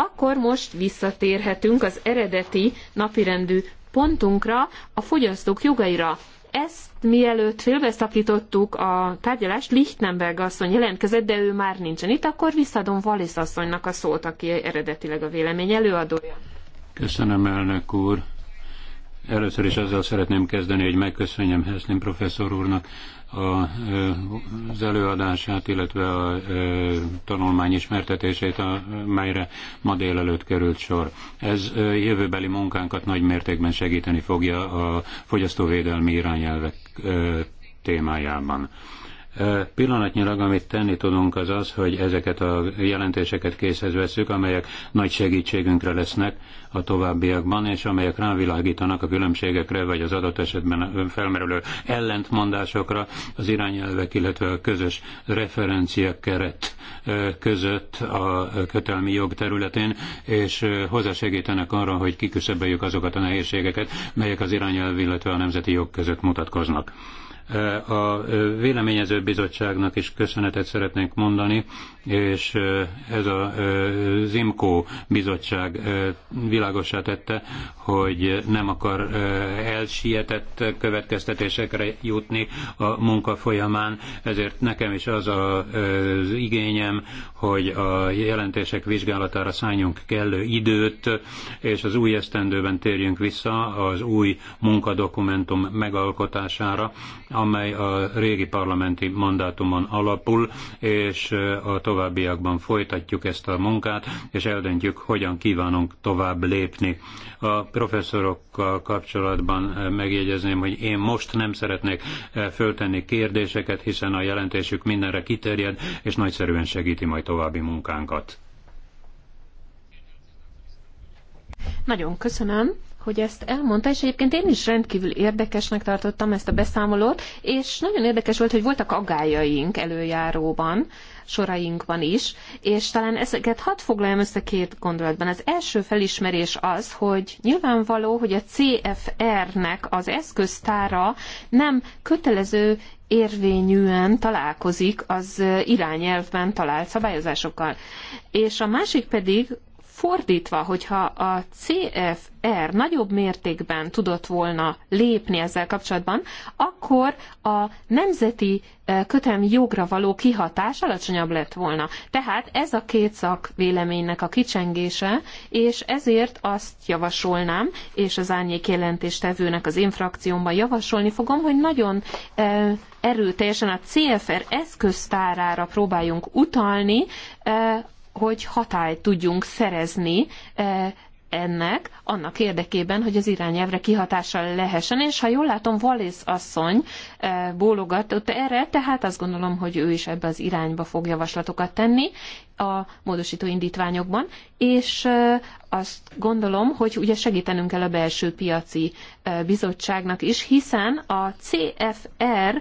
akkor most visszatérhetünk az eredeti napirendű pontunkra, a fogyasztók jogaira. Ezt mielőtt félbeszakítottuk a tárgyalást, Lichtenberg asszony jelentkezett, de ő már nincsen itt, akkor visszadom Wallis asszonynak a szót, aki eredetileg a vélemény előadója. Köszönöm, elnök úr. Először is azzal szeretném kezdeni, hogy megköszönjem Heslin professzor úrnak a, az előadását, illetve a, a e, tanulmány ismertetését, amelyre ma délelőtt került sor. Ez e, jövőbeli munkánkat nagy mértékben segíteni fogja a fogyasztóvédelmi irányelvek e, témájában. Pillanatnyilag, amit tenni tudunk, az az, hogy ezeket a jelentéseket készhez veszük, amelyek nagy segítségünkre lesznek a továbbiakban, és amelyek rávilágítanak a különbségekre, vagy az adott esetben felmerülő ellentmondásokra az irányelvek, illetve a közös referencia keret között a kötelmi jog területén, és hozzásegítenek arra, hogy kiküszöböljük azokat a nehézségeket, melyek az irányelv, illetve a nemzeti jog között mutatkoznak. A véleményező bizottságnak is köszönetet szeretnénk mondani, és ez a Zimkó bizottság világosá tette, hogy nem akar elsietett következtetésekre jutni a munka folyamán, ezért nekem is az az igényem, hogy a jelentések vizsgálatára szálljunk kellő időt, és az új esztendőben térjünk vissza az új munkadokumentum megalkotására, amely a régi parlamenti mandátumon alapul, és a továbbiakban folytatjuk ezt a munkát, és eldöntjük, hogyan kívánunk tovább lépni. A professzorokkal kapcsolatban megjegyezném, hogy én most nem szeretnék föltenni kérdéseket, hiszen a jelentésük mindenre kiterjed, és nagyszerűen segíti majd további munkánkat. Nagyon köszönöm hogy ezt elmondta, és egyébként én is rendkívül érdekesnek tartottam ezt a beszámolót, és nagyon érdekes volt, hogy voltak aggájaink előjáróban, sorainkban is, és talán ezeket hadd foglaljam össze két gondolatban. Az első felismerés az, hogy nyilvánvaló, hogy a CFR-nek az eszköztára nem kötelező érvényűen találkozik az irányelvben talált szabályozásokkal. És a másik pedig Fordítva, hogyha a CFR nagyobb mértékben tudott volna lépni ezzel kapcsolatban, akkor a nemzeti e, kötem jogra való kihatás alacsonyabb lett volna. Tehát ez a két szak véleménynek a kicsengése, és ezért azt javasolnám, és az árnyék jelentéstevőnek az infrakciómban javasolni fogom, hogy nagyon e, erőteljesen a CFR eszköztárára próbáljunk utalni, e, hogy hatályt tudjunk szerezni e, ennek annak érdekében, hogy az irányelvre kihatással lehessen, és ha jól látom, Wallis asszony e, bólogatott erre, tehát azt gondolom, hogy ő is ebbe az irányba fog javaslatokat tenni, a módosító indítványokban, és azt gondolom, hogy ugye segítenünk kell a belső piaci bizottságnak is, hiszen a CFR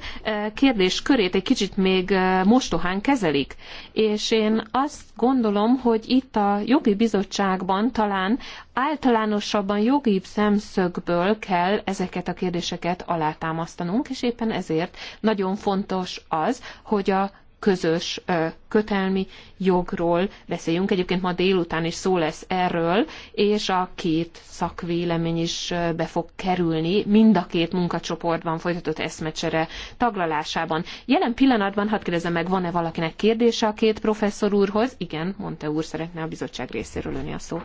kérdéskörét egy kicsit még mostohán kezelik, és én azt gondolom, hogy itt a jogi bizottságban talán általánosabban jogi szemszögből kell ezeket a kérdéseket alátámasztanunk, és éppen ezért nagyon fontos az, hogy a közös kötelmi jogról beszéljünk. Egyébként ma délután is szó lesz erről, és a két szakvélemény is be fog kerülni mind a két munkacsoportban folytatott eszmecsere taglalásában. Jelen pillanatban, hadd kérdezem meg, van-e valakinek kérdése a két professzor úrhoz? Igen, mondta úr, szeretne a bizottság részéről önni a szó.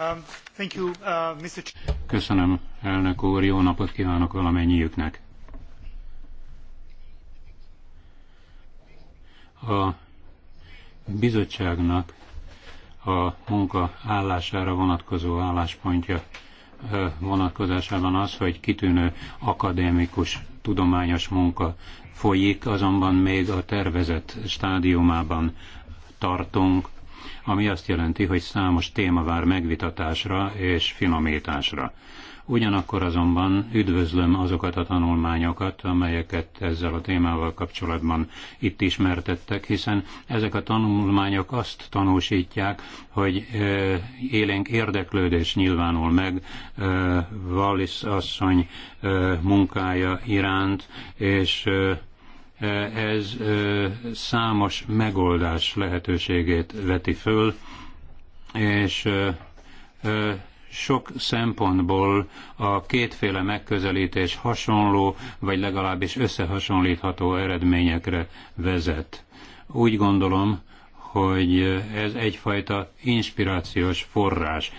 Um, uh, Köszönöm, elnök úr, jó napot kívánok valamennyiüknek. a bizottságnak a munka állására vonatkozó álláspontja vonatkozásában az, hogy kitűnő akadémikus, tudományos munka folyik, azonban még a tervezett stádiumában tartunk, ami azt jelenti, hogy számos téma vár megvitatásra és finomításra. Ugyanakkor azonban üdvözlöm azokat a tanulmányokat, amelyeket ezzel a témával kapcsolatban itt ismertettek, hiszen ezek a tanulmányok azt tanúsítják, hogy élénk érdeklődés nyilvánul meg Wallis asszony munkája iránt, és ez számos megoldás lehetőségét veti föl, és sok szempontból a kétféle megközelítés hasonló, vagy legalábbis összehasonlítható eredményekre vezet. Úgy gondolom, hogy ez egyfajta inspirációs forrás,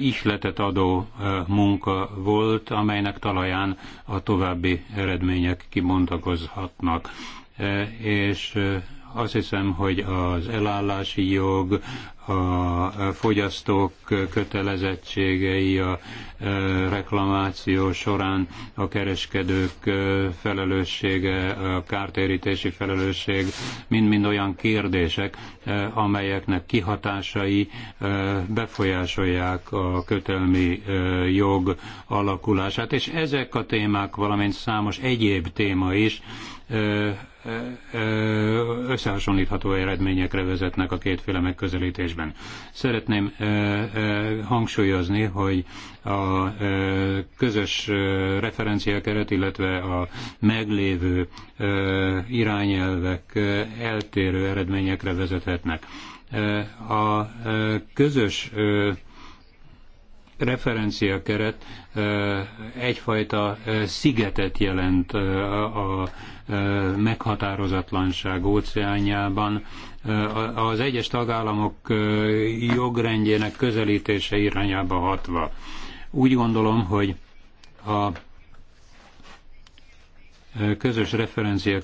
ihletet adó munka volt, amelynek talaján a további eredmények kibontakozhatnak és azt hiszem, hogy az elállási jog, a fogyasztók kötelezettségei a e, reklamáció során, a kereskedők e, felelőssége, a kártérítési felelősség, mind-mind olyan kérdések, e, amelyeknek kihatásai befolyásolják a kötelmi jog alakulását. És ezek a témák, valamint számos egyéb téma is, összehasonlítható eredményekre vezetnek a kétféle megközelítésben. Szeretném hangsúlyozni, hogy a közös referenciakeret, illetve a meglévő irányelvek eltérő eredményekre vezethetnek. A közös referenciakeret egyfajta szigetet jelent a meghatározatlanság óceánjában az egyes tagállamok jogrendjének közelítése irányába hatva. Úgy gondolom, hogy a közös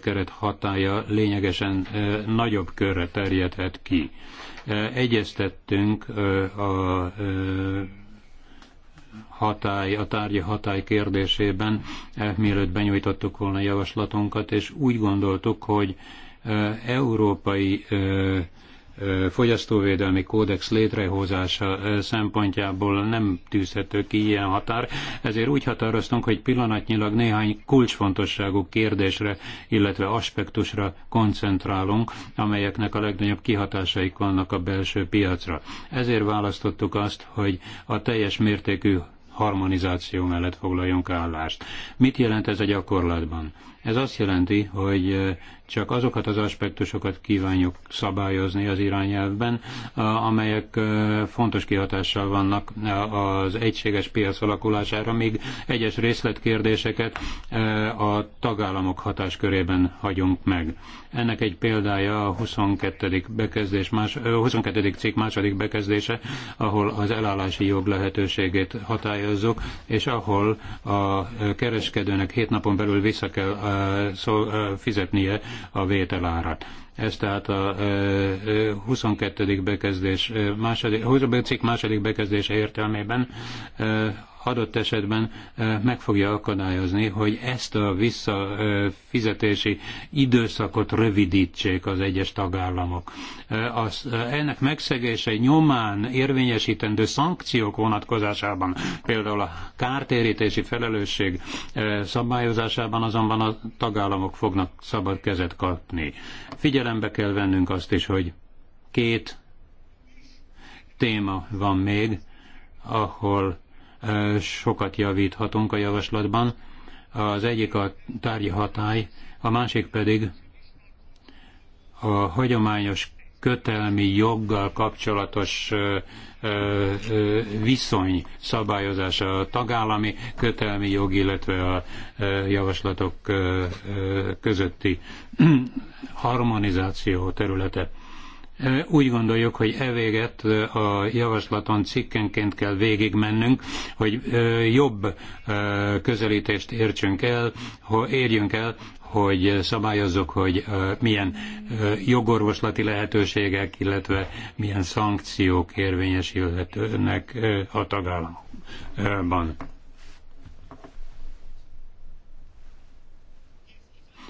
keret hatája lényegesen nagyobb körre terjedhet ki. Egyeztettünk a hatály, a tárgyi hatály kérdésében, eh, mielőtt benyújtottuk volna javaslatunkat, és úgy gondoltuk, hogy eh, európai eh, fogyasztóvédelmi kódex létrehozása szempontjából nem tűzhető ki ilyen határ, ezért úgy határoztunk, hogy pillanatnyilag néhány kulcsfontosságú kérdésre, illetve aspektusra koncentrálunk, amelyeknek a legnagyobb kihatásaik vannak a belső piacra. Ezért választottuk azt, hogy a teljes mértékű harmonizáció mellett foglaljunk állást. Mit jelent ez a gyakorlatban? Ez azt jelenti, hogy csak azokat az aspektusokat kívánjuk szabályozni az irányelvben, amelyek fontos kihatással vannak az egységes piac alakulására, míg egyes részletkérdéseket a tagállamok hatáskörében hagyunk meg. Ennek egy példája a 22. Bekezdés más, 22. cikk második bekezdése, ahol az elállási jog lehetőségét hatályozzuk, és ahol a kereskedőnek hét napon belül vissza kell Eh, eh, fizetnie a vételárat. Ez tehát a 22. Eh, bekezdés második, 20. cikk második bekezdése értelmében adott esetben eh, meg fogja akadályozni, hogy ezt a visszafizetési időszakot rövidítsék az egyes tagállamok. Eh, az, eh, ennek megszegése nyomán érvényesítendő szankciók vonatkozásában, például a kártérítési felelősség szabályozásában azonban a tagállamok fognak szabad kezet kapni. Figyelembe kell vennünk azt is, hogy két téma van még, ahol sokat javíthatunk a javaslatban. Az egyik a tárgyi hatály, a másik pedig a hagyományos kötelmi joggal kapcsolatos viszony szabályozása, a tagállami kötelmi jog, illetve a javaslatok közötti harmonizáció területe. Úgy gondoljuk, hogy e véget a javaslaton cikkenként kell végigmennünk, hogy jobb közelítést értsünk el, érjünk el, hogy szabályozzuk, hogy milyen jogorvoslati lehetőségek, illetve milyen szankciók érvényesülhetőnek a tagállamban.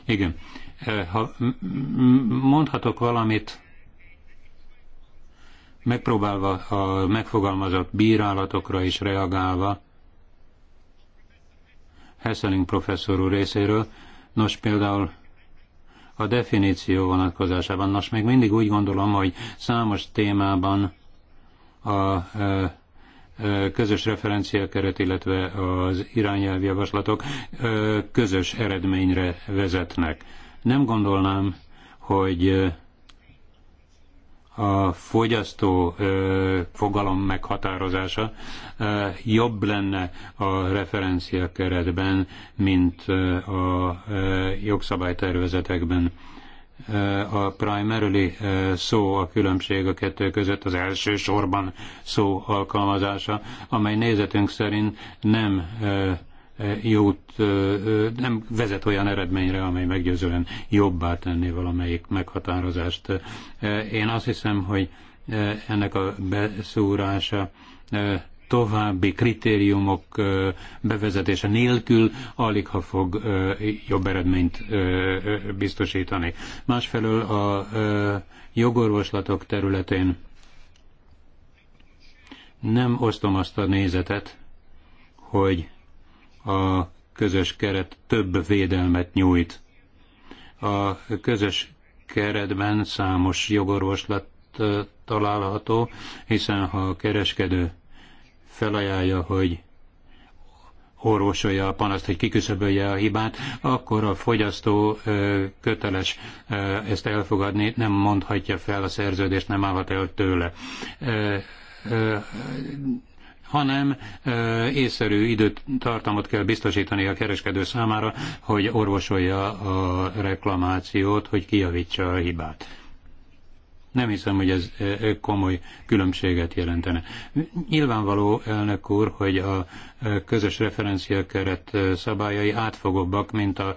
Igen. Ha mondhatok valamit megpróbálva a megfogalmazott bírálatokra is reagálva Hesseling professzor úr részéről, nos például a definíció vonatkozásában, nos még mindig úgy gondolom, hogy számos témában a közös referenciakeret, illetve az irányelvjavaslatok közös eredményre vezetnek. Nem gondolnám, hogy a fogyasztó fogalom meghatározása jobb lenne a referencia keretben, mint a jogszabálytervezetekben. A primarily szó a különbség a kettő között az első sorban szó alkalmazása, amely nézetünk szerint nem jót nem vezet olyan eredményre, amely meggyőzően jobbá tenné valamelyik meghatározást. Én azt hiszem, hogy ennek a beszúrása további kritériumok bevezetése nélkül alig ha fog jobb eredményt biztosítani. Másfelől a jogorvoslatok területén nem osztom azt a nézetet, hogy a közös keret több védelmet nyújt. A közös keretben számos jogorvoslat található, hiszen ha a kereskedő felajánlja, hogy orvosolja a panaszt, hogy kiküszöbölje a hibát, akkor a fogyasztó köteles ezt elfogadni, nem mondhatja fel a szerződést, nem állhat el tőle hanem észszerű időtartamot kell biztosítani a kereskedő számára, hogy orvosolja a reklamációt, hogy kijavítsa a hibát. Nem hiszem, hogy ez komoly különbséget jelentene. Nyilvánvaló, elnök úr, hogy a közös referenciakeret szabályai átfogóbbak, mint a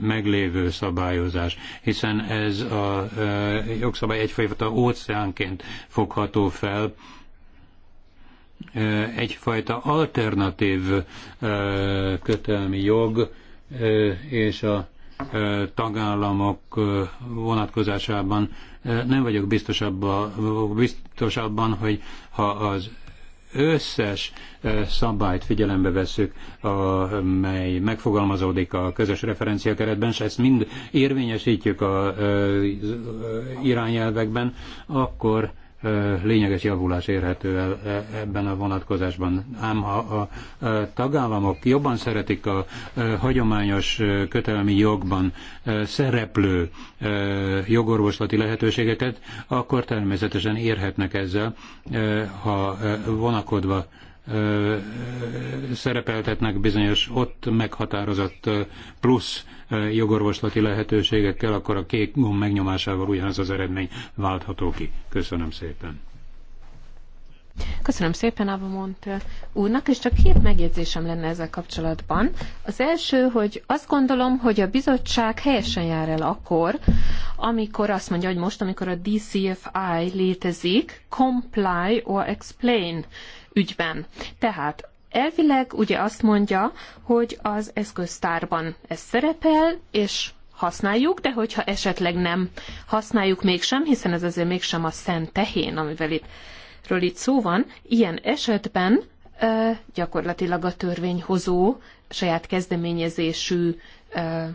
meglévő szabályozás, hiszen ez a jogszabály egyfajta óceánként fogható fel, egyfajta alternatív kötelmi jog és a tagállamok vonatkozásában nem vagyok biztosabban, biztosabban hogy ha az összes szabályt figyelembe veszük, amely megfogalmazódik a közös referenciakeretben, és ezt mind érvényesítjük az irányelvekben, akkor lényeges javulás érhető el e, ebben a vonatkozásban. Ám ha a tagállamok jobban szeretik a hagyományos kötelmi jogban szereplő jogorvoslati lehetőségeket, akkor természetesen érhetnek ezzel, ha vonakodva szerepeltetnek bizonyos ott meghatározott plusz jogorvoslati lehetőségekkel, akkor a kék gomb megnyomásával ugyanaz az eredmény váltható ki. Köszönöm szépen. Köszönöm szépen Avamont úrnak, és csak két megjegyzésem lenne ezzel kapcsolatban. Az első, hogy azt gondolom, hogy a bizottság helyesen jár el akkor, amikor azt mondja, hogy most, amikor a DCFI létezik, comply or explain ügyben. Tehát elvileg ugye azt mondja, hogy az eszköztárban ez szerepel, és használjuk, de hogyha esetleg nem használjuk mégsem, hiszen ez azért mégsem a szent tehén, amivel itt, ről itt szó van, ilyen esetben gyakorlatilag a törvényhozó saját kezdeményezésű e,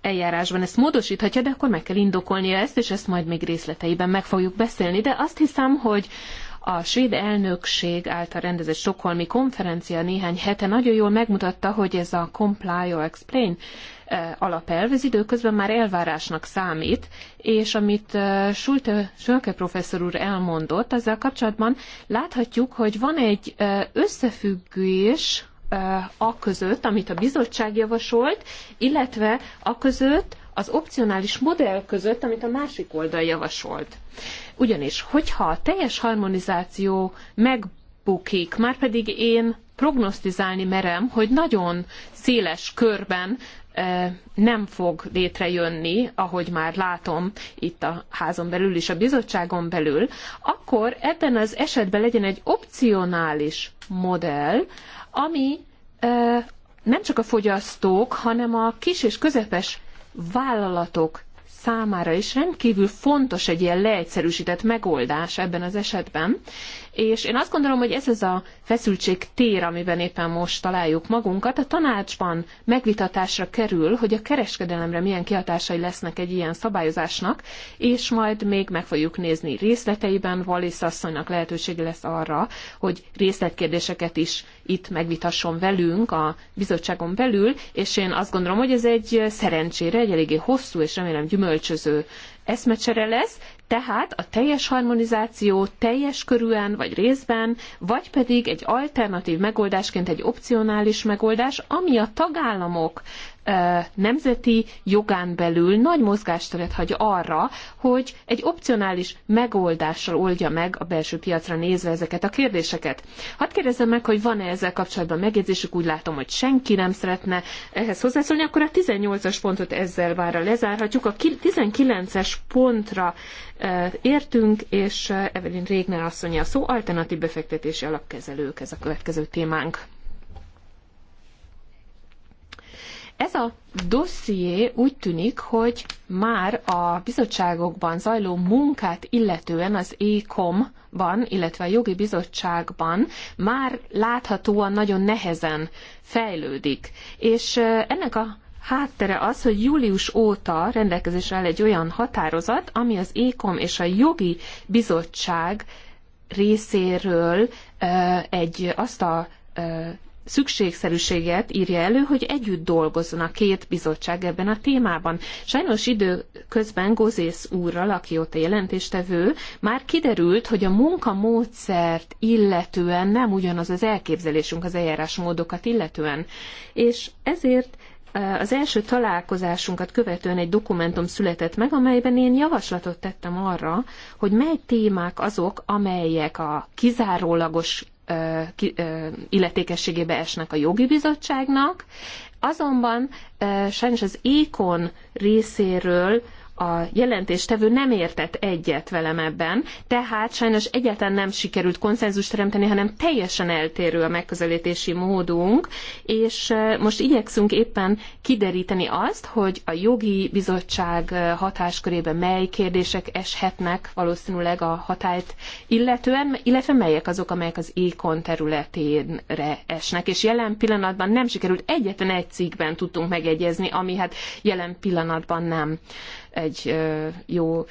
eljárásban ezt módosíthatja, de akkor meg kell indokolnia ezt, és ezt majd még részleteiben meg fogjuk beszélni. De azt hiszem, hogy a svéd elnökség által rendezett Stockholmi konferencia néhány hete nagyon jól megmutatta, hogy ez a comply or explain eh, alapelv, ez időközben már elvárásnak számít, és amit eh, Schulte, Schulke professzor úr elmondott, ezzel kapcsolatban láthatjuk, hogy van egy eh, összefüggés a között, amit a bizottság javasolt, illetve a között, az opcionális modell között, amit a másik oldal javasolt. Ugyanis, hogyha a teljes harmonizáció megbukik, már pedig én prognosztizálni merem, hogy nagyon széles körben eh, nem fog létrejönni, ahogy már látom itt a házon belül és a bizottságon belül, akkor ebben az esetben legyen egy opcionális modell, ami eh, nem csak a fogyasztók, hanem a kis és közepes vállalatok számára is rendkívül fontos egy ilyen leegyszerűsített megoldás ebben az esetben, és én azt gondolom, hogy ez az a feszültség tér, amiben éppen most találjuk magunkat. A tanácsban megvitatásra kerül, hogy a kereskedelemre milyen kihatásai lesznek egy ilyen szabályozásnak, és majd még meg fogjuk nézni részleteiben. Valész asszonynak lehetősége lesz arra, hogy részletkérdéseket is itt megvitasson velünk a bizottságon belül, és én azt gondolom, hogy ez egy szerencsére egy eléggé hosszú és remélem gyümölcsöző eszmecsere lesz, tehát a teljes harmonizáció teljes körűen vagy részben, vagy pedig egy alternatív megoldásként egy opcionális megoldás, ami a tagállamok nemzeti jogán belül nagy mozgásteret hagy arra, hogy egy opcionális megoldással oldja meg a belső piacra nézve ezeket a kérdéseket. Hadd kérdezzem meg, hogy van-e ezzel kapcsolatban megjegyzésük, úgy látom, hogy senki nem szeretne ehhez hozzászólni, akkor a 18-as pontot ezzel várra lezárhatjuk. A 19-es pontra értünk, és Evelyn Régner asszonyi a szó, alternatív befektetési alapkezelők, ez a következő témánk. Ez a dosszié úgy tűnik, hogy már a bizottságokban zajló munkát illetően az ECOM-ban, illetve a jogi bizottságban már láthatóan nagyon nehezen fejlődik. És ennek a háttere az, hogy július óta rendelkezésre áll egy olyan határozat, ami az ECOM és a jogi bizottság részéről egy azt a szükségszerűséget írja elő, hogy együtt dolgozzon a két bizottság ebben a témában. Sajnos időközben Gozész úrral, aki ott a jelentéstevő, már kiderült, hogy a munkamódszert illetően nem ugyanaz az elképzelésünk az eljárásmódokat illetően. És ezért az első találkozásunkat követően egy dokumentum született meg, amelyben én javaslatot tettem arra, hogy mely témák azok, amelyek a kizárólagos illetékességébe esnek a jogi bizottságnak, azonban sajnos az ékon részéről a jelentéstevő nem értett egyet velem ebben, tehát sajnos egyáltalán nem sikerült konszenzust teremteni, hanem teljesen eltérő a megközelítési módunk, és most igyekszünk éppen kideríteni azt, hogy a jogi bizottság hatáskörébe mely kérdések eshetnek valószínűleg a hatályt illetően, illetve melyek azok, amelyek az ékon területére esnek, és jelen pillanatban nem sikerült egyetlen egy cikkben tudtunk megegyezni, ami hát jelen pillanatban nem egy jó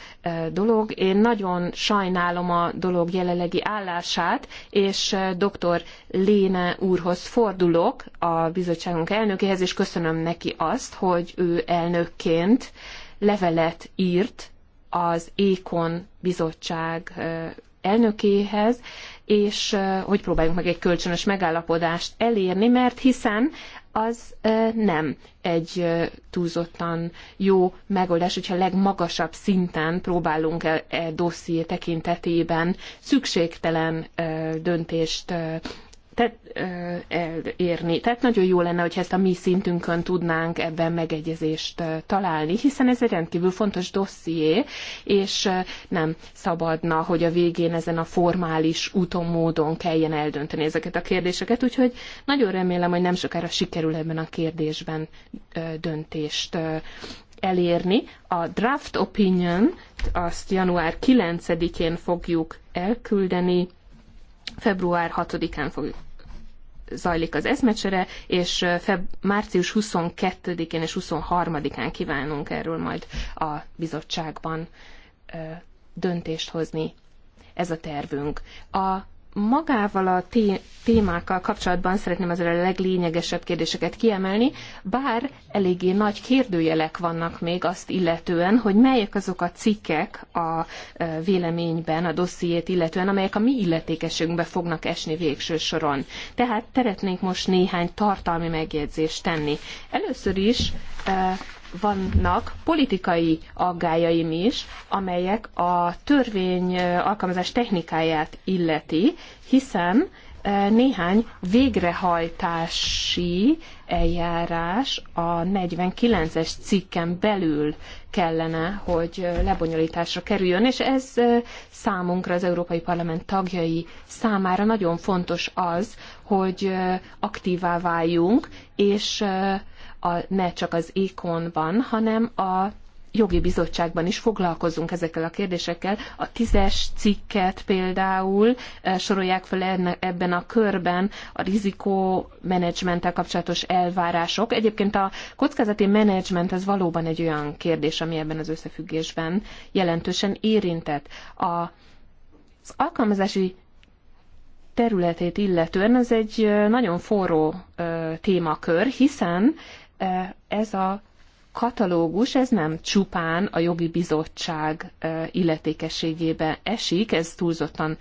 dolog. Én nagyon sajnálom a dolog jelenlegi állását, és dr. Léne úrhoz fordulok, a bizottságunk elnökéhez, és köszönöm neki azt, hogy ő elnökként levelet írt az Ékon bizottság elnökéhez, és hogy próbáljunk meg egy kölcsönös megállapodást elérni, mert hiszen az nem egy túlzottan jó megoldás, hogyha legmagasabb szinten próbálunk e, e dosszié tekintetében szükségtelen döntést tehát, elérni. Tehát nagyon jó lenne, hogy ezt a mi szintünkön tudnánk ebben megegyezést találni, hiszen ez egy rendkívül fontos dosszié, és nem szabadna, hogy a végén ezen a formális úton, módon kelljen eldönteni ezeket a kérdéseket, úgyhogy nagyon remélem, hogy nem sokára sikerül ebben a kérdésben döntést elérni. A draft opinion azt január 9-én fogjuk elküldeni, Február 6-án fog zajlik az eszmecsere, és feb- március 22-én és 23-án kívánunk erről majd a bizottságban döntést hozni. Ez a tervünk. A magával a témákkal kapcsolatban szeretném azért a leglényegesebb kérdéseket kiemelni, bár eléggé nagy kérdőjelek vannak még azt illetően, hogy melyek azok a cikkek a e, véleményben, a dossziét illetően, amelyek a mi illetékességünkbe fognak esni végső soron. Tehát szeretnénk most néhány tartalmi megjegyzést tenni. Először is e, vannak politikai aggájaim is, amelyek a törvény alkalmazás technikáját illeti, hiszen néhány végrehajtási eljárás a 49-es cikken belül kellene, hogy lebonyolításra kerüljön, és ez számunkra, az Európai Parlament tagjai számára nagyon fontos az, hogy aktívá váljunk, és a, ne csak az ikonban, hanem a jogi bizottságban is foglalkozunk ezekkel a kérdésekkel. A tízes cikket például e, sorolják fel ebben a körben a rizikómenedzsmenttel kapcsolatos elvárások. Egyébként a kockázati menedzsment ez valóban egy olyan kérdés, ami ebben az összefüggésben jelentősen érintett. A, az alkalmazási területét illetően ez egy e, nagyon forró e, témakör, hiszen ez a katalógus, ez nem csupán a jogi bizottság illetékességébe esik, ez túlzottan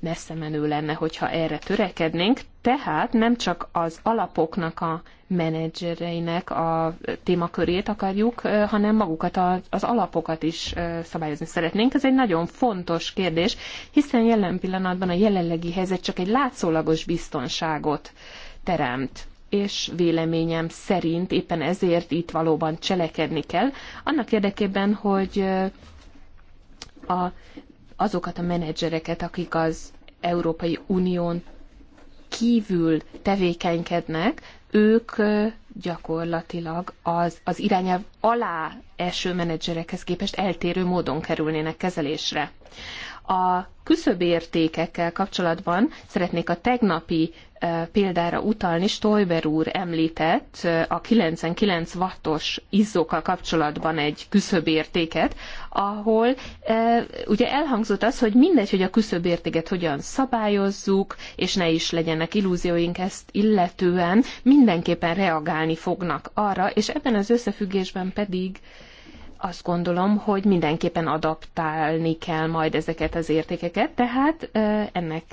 messze menő lenne, hogyha erre törekednénk, tehát nem csak az alapoknak a menedzsereinek a témakörét akarjuk, hanem magukat az alapokat is szabályozni szeretnénk. Ez egy nagyon fontos kérdés, hiszen jelen pillanatban a jelenlegi helyzet csak egy látszólagos biztonságot teremt és véleményem szerint éppen ezért itt valóban cselekedni kell, annak érdekében, hogy a, azokat a menedzsereket, akik az Európai Unión kívül tevékenykednek, ők gyakorlatilag az, az irányelv alá eső menedzserekhez képest eltérő módon kerülnének kezelésre a küszöbértékekkel kapcsolatban szeretnék a tegnapi e, példára utalni, Stoiber úr említett e, a 99 wattos izzókkal kapcsolatban egy küszöbértéket, ahol e, ugye elhangzott az, hogy mindegy, hogy a küszöbértéket hogyan szabályozzuk, és ne is legyenek illúzióink ezt illetően, mindenképpen reagálni fognak arra, és ebben az összefüggésben pedig azt gondolom, hogy mindenképpen adaptálni kell majd ezeket az értékeket, tehát ennek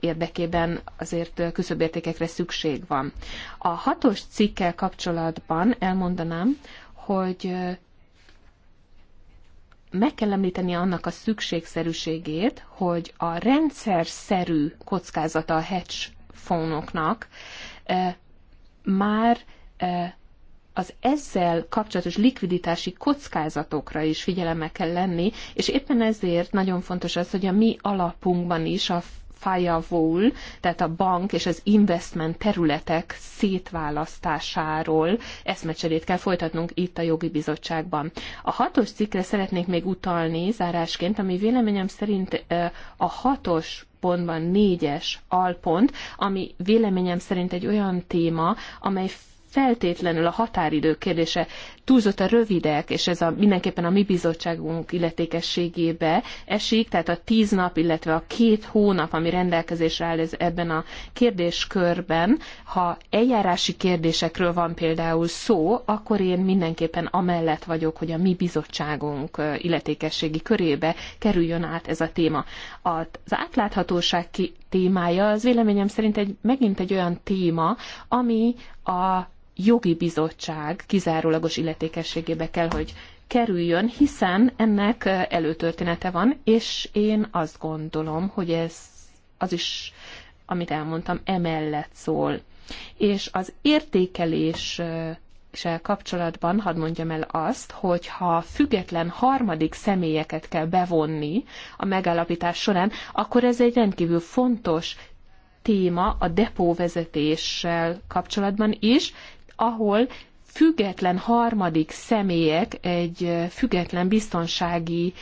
érdekében azért küszöbértékekre szükség van. A hatos cikkel kapcsolatban elmondanám, hogy meg kell említeni annak a szükségszerűségét, hogy a rendszer szerű kockázata a hedge fónoknak már az ezzel kapcsolatos likviditási kockázatokra is figyelemmel kell lenni, és éppen ezért nagyon fontos az, hogy a mi alapunkban is a firewall, tehát a bank és az investment területek szétválasztásáról eszmecserét kell folytatnunk itt a jogi bizottságban. A hatos cikkre szeretnék még utalni zárásként, ami véleményem szerint a hatos pontban négyes alpont, ami véleményem szerint egy olyan téma, amely feltétlenül a határidő kérdése túlzott a rövidek, és ez a, mindenképpen a mi bizottságunk illetékességébe esik, tehát a tíz nap, illetve a két hónap, ami rendelkezésre áll ez ebben a kérdéskörben, ha eljárási kérdésekről van például szó, akkor én mindenképpen amellett vagyok, hogy a mi bizottságunk illetékességi körébe kerüljön át ez a téma. Az átláthatóság témája az véleményem szerint egy, megint egy olyan téma, ami a jogi bizottság kizárólagos illetékességébe kell, hogy kerüljön, hiszen ennek előtörténete van, és én azt gondolom, hogy ez az is, amit elmondtam, emellett szól. És az értékelés kérdéssel kapcsolatban hadd mondjam el azt, hogy ha független harmadik személyeket kell bevonni a megállapítás során, akkor ez egy rendkívül fontos téma a depóvezetéssel kapcsolatban is, ahol független harmadik személyek egy független biztonsági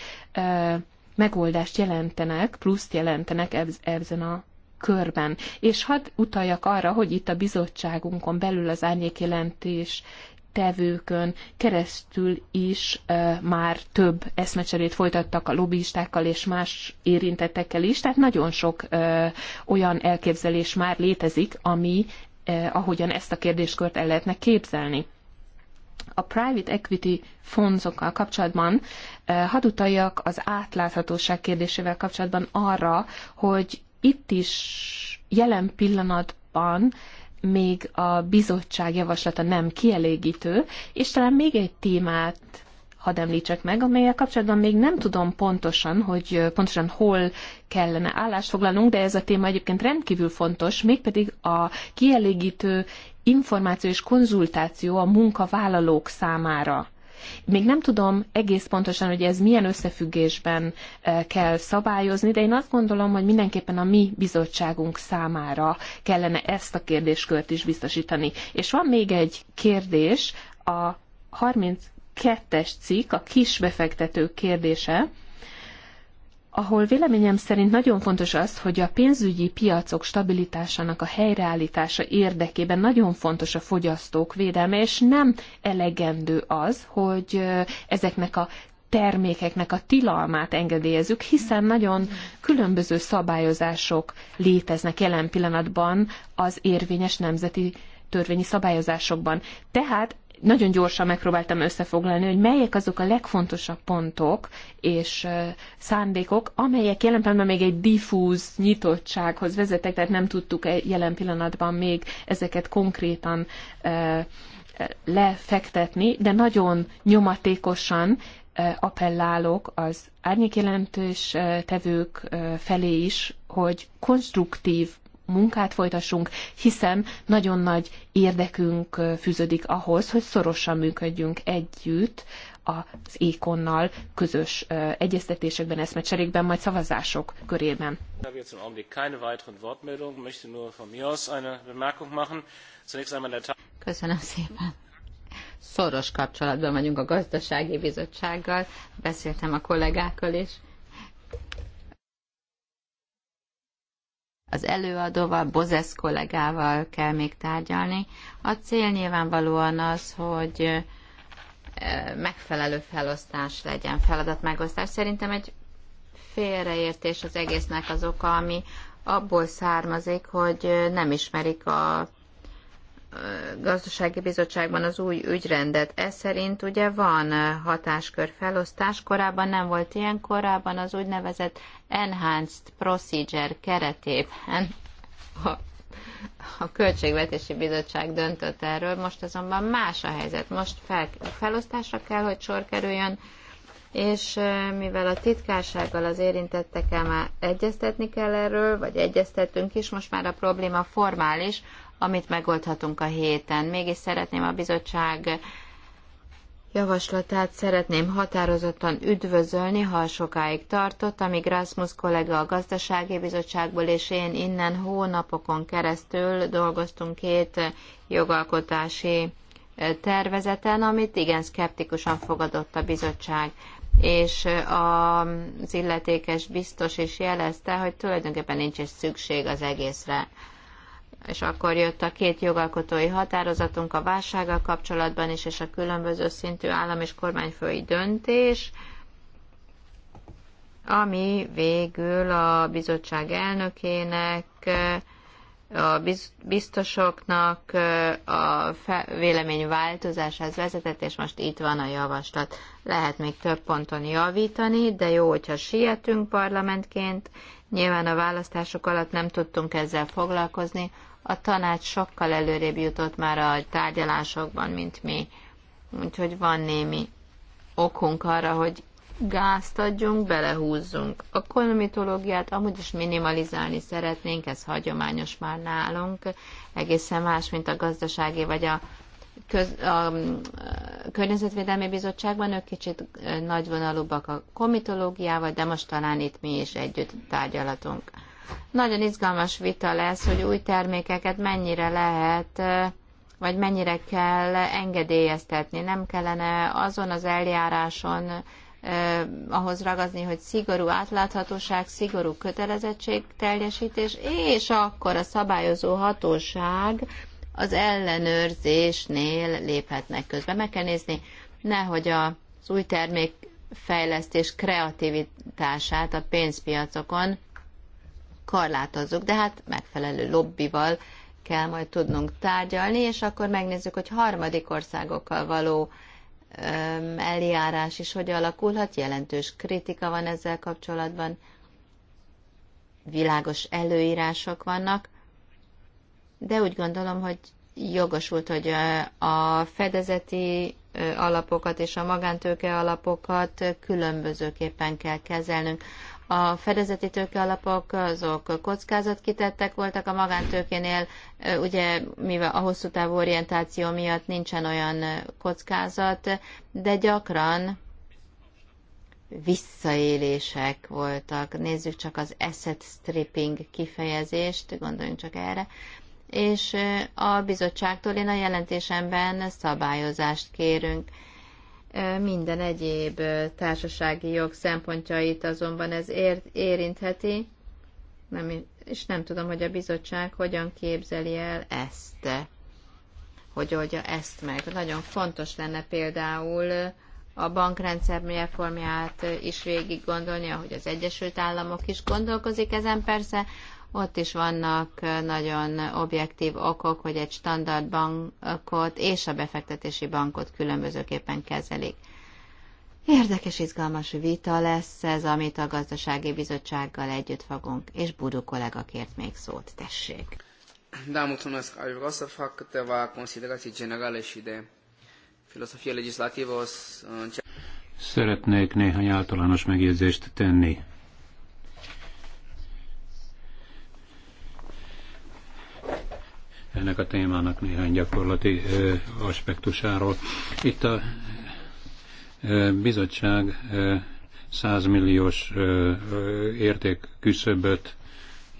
megoldást jelentenek, pluszt jelentenek ebben a körben. És hadd utaljak arra, hogy itt a bizottságunkon belül az árnyékjelentés tevőkön keresztül is e, már több eszmecserét folytattak a lobbyistákkal és más érintettekkel is, tehát nagyon sok e, olyan elképzelés már létezik, ami eh, ahogyan ezt a kérdéskört el lehetne képzelni. A private equity fondokkal kapcsolatban eh, hadd utaljak az átláthatóság kérdésével kapcsolatban arra, hogy itt is jelen pillanatban még a bizottság javaslata nem kielégítő, és talán még egy témát hadd említsek meg, amelyek kapcsolatban még nem tudom pontosan, hogy pontosan hol kellene állást foglalnunk, de ez a téma egyébként rendkívül fontos, mégpedig a kielégítő információ és konzultáció a munkavállalók számára. Még nem tudom egész pontosan, hogy ez milyen összefüggésben kell szabályozni, de én azt gondolom, hogy mindenképpen a mi bizottságunk számára kellene ezt a kérdéskört is biztosítani. És van még egy kérdés, a 30 kettes cikk, a kis befektetők kérdése, ahol véleményem szerint nagyon fontos az, hogy a pénzügyi piacok stabilitásának a helyreállítása érdekében nagyon fontos a fogyasztók védelme, és nem elegendő az, hogy ezeknek a termékeknek a tilalmát engedélyezzük, hiszen nagyon különböző szabályozások léteznek jelen pillanatban az érvényes nemzeti törvényi szabályozásokban. Tehát nagyon gyorsan megpróbáltam összefoglalni, hogy melyek azok a legfontosabb pontok és szándékok, amelyek jelen pillanatban még egy diffúz nyitottsághoz vezetek, tehát nem tudtuk e jelen pillanatban még ezeket konkrétan lefektetni, de nagyon nyomatékosan appellálok az árnyékjelentős tevők felé is, hogy konstruktív munkát folytassunk, hiszen nagyon nagy érdekünk fűződik ahhoz, hogy szorosan működjünk együtt az ékonnal közös egyeztetésekben, eszmecserékben, majd szavazások körében. Köszönöm szépen. Szoros kapcsolatban vagyunk a gazdasági bizottsággal, beszéltem a kollégákkal is az előadóval, Bozesz kollégával kell még tárgyalni. A cél nyilvánvalóan az, hogy megfelelő felosztás legyen, feladatmegosztás. Szerintem egy félreértés az egésznek az oka, ami abból származik, hogy nem ismerik a gazdasági bizottságban az új ügyrendet. Ez szerint ugye van eh, hatáskör felosztás, korábban nem volt ilyen, korábban az úgynevezett Enhanced Procedure keretében a, a Költségvetési Bizottság döntött erről, most azonban más a helyzet. Most fel, felosztásra kell, hogy sor kerüljön, és eh, mivel a titkársággal az érintettekkel már egyeztetni kell erről, vagy egyeztetünk is, most már a probléma formális, amit megoldhatunk a héten. Mégis szeretném a bizottság javaslatát szeretném határozottan üdvözölni, ha sokáig tartott, amíg Rasmus kollega a gazdasági bizottságból és én innen hónapokon keresztül dolgoztunk két jogalkotási e, tervezeten, amit igen szkeptikusan fogadott a bizottság és e, az illetékes biztos is jelezte, hogy tulajdonképpen nincs is szükség az egészre és akkor jött a két jogalkotói határozatunk a válsággal kapcsolatban is, és a különböző szintű állam és kormányfői döntés, ami végül a bizottság elnökének, a biztosoknak a vélemény változáshoz vezetett, és most itt van a javaslat. Lehet még több ponton javítani, de jó, hogyha sietünk parlamentként. Nyilván a választások alatt nem tudtunk ezzel foglalkozni, a tanács sokkal előrébb jutott már a tárgyalásokban, mint mi. Úgyhogy van némi okunk arra, hogy gázt adjunk, belehúzzunk. A konomitológiát amúgy is minimalizálni szeretnénk, ez hagyományos már nálunk, egészen más, mint a gazdasági vagy a, köz, a mm, Környezetvédelmi Bizottságban, ők kicsit nagyvonalúbbak a komitológiával, de most talán itt mi is együtt tárgyalatunk. Nagyon izgalmas vita lesz, hogy új termékeket mennyire lehet, vagy mennyire kell engedélyeztetni. Nem kellene azon az eljáráson ahhoz ragazni, hogy szigorú átláthatóság, szigorú kötelezettség teljesítés, és akkor a szabályozó hatóság az ellenőrzésnél léphetnek közben. Meg kell nézni, nehogy az új termék fejlesztés kreativitását a pénzpiacokon korlátozzuk, de hát megfelelő lobbival kell majd tudnunk tárgyalni, és akkor megnézzük, hogy harmadik országokkal való eljárás is hogy alakulhat. Jelentős kritika van ezzel kapcsolatban, világos előírások vannak, de úgy gondolom, hogy jogosult, hogy a fedezeti alapokat és a magántőke alapokat különbözőképpen kell kezelnünk. A fedezeti tőkealapok azok kockázatkitettek voltak a magántőkénél, ugye mivel a hosszú távú orientáció miatt nincsen olyan kockázat, de gyakran visszaélések voltak. Nézzük csak az asset stripping kifejezést, gondoljunk csak erre. És a bizottságtól én a jelentésemben szabályozást kérünk minden egyéb társasági jog szempontjait azonban ez ér, érintheti, nem, és nem tudom, hogy a bizottság hogyan képzeli el ezt, hogy oldja ezt meg. Nagyon fontos lenne például a bankrendszer reformját is végig gondolni, ahogy az Egyesült Államok is gondolkozik ezen persze, ott is vannak nagyon objektív okok, hogy egy standard bankot és a befektetési bankot különbözőképpen kezelik. Érdekes, izgalmas vita lesz ez, amit a gazdasági bizottsággal együtt fogunk, és Budó kollega kért még szót, tessék. Da, mulțumesc. Aș vrea să fac câteva considerații generale și de filozofie legislativă. Szeretnék néhány általános megjegyzést tenni ennek a témának néhány gyakorlati aspektusáról. Itt a bizottság 100 milliós érték küszöböt